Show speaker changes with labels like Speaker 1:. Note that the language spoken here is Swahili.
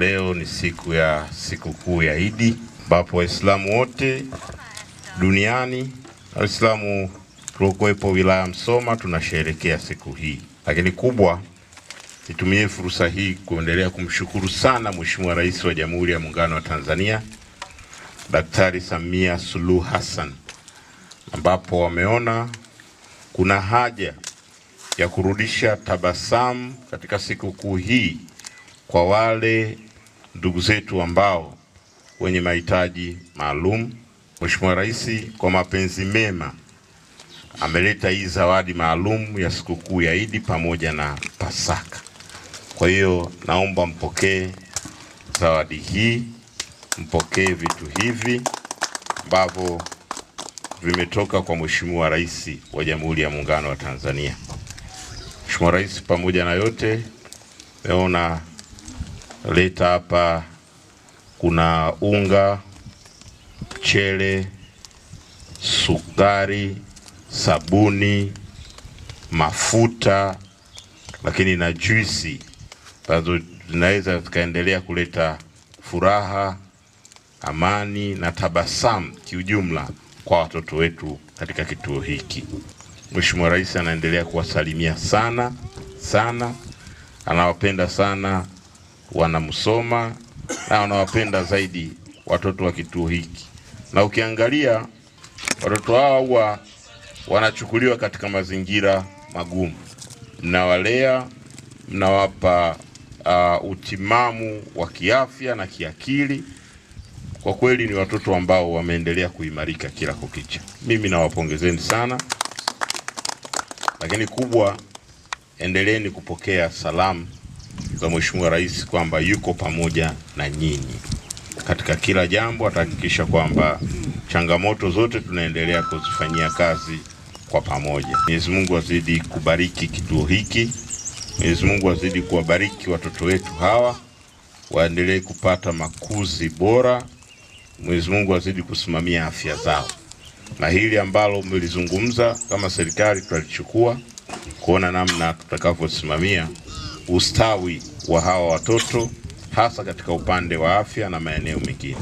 Speaker 1: Leo ni siku ya sikukuu ya Idi ambapo Waislamu wote duniani na Waislamu tuliokuwepo wilaya Msoma tunasherehekea siku hii, lakini kubwa, nitumie fursa hii kuendelea kumshukuru sana Mheshimiwa Rais wa Jamhuri ya Muungano wa Tanzania Daktari Samia Suluhu Hassan, ambapo wameona kuna haja ya kurudisha tabasamu katika sikukuu hii kwa wale ndugu zetu ambao wenye mahitaji maalum. Mheshimiwa Rais kwa mapenzi mema ameleta hii zawadi maalum ya sikukuu ya Idi pamoja na Pasaka. Kwa hiyo naomba mpokee zawadi hii, mpokee vitu hivi ambavyo vimetoka kwa Mheshimiwa Rais wa Jamhuri ya Muungano wa Tanzania. Mheshimiwa Rais, pamoja na yote meona leta hapa, kuna unga, mchele, sukari, sabuni, mafuta, lakini na juisi ambazo zinaweza zikaendelea kuleta furaha, amani na tabasamu kiujumla kwa watoto wetu katika kituo hiki. Mheshimiwa Rais anaendelea kuwasalimia sana sana, anawapenda sana wanamsoma na wanawapenda zaidi watoto wa kituo hiki, na ukiangalia watoto hawa huwa wanachukuliwa katika mazingira magumu, mnawalea, mnawapa uh, utimamu wa kiafya na kiakili. Kwa kweli ni watoto ambao wameendelea kuimarika kila kukicha. Mimi nawapongezeni sana, lakini kubwa, endeleeni kupokea salamu za Mheshimiwa Rais kwamba yuko pamoja na nyinyi katika kila jambo, atahakikisha kwamba changamoto zote tunaendelea kuzifanyia kazi kwa pamoja. Mwenyezi Mungu azidi kubariki kituo hiki. Mwenyezi Mungu azidi kuwabariki watoto wetu hawa, waendelee kupata makuzi bora. Mwenyezi Mungu azidi kusimamia afya zao, na hili ambalo mmelizungumza kama serikali tutalichukua kuona namna tutakavyosimamia ustawi wa hawa watoto hasa katika upande wa afya na maeneo mengine.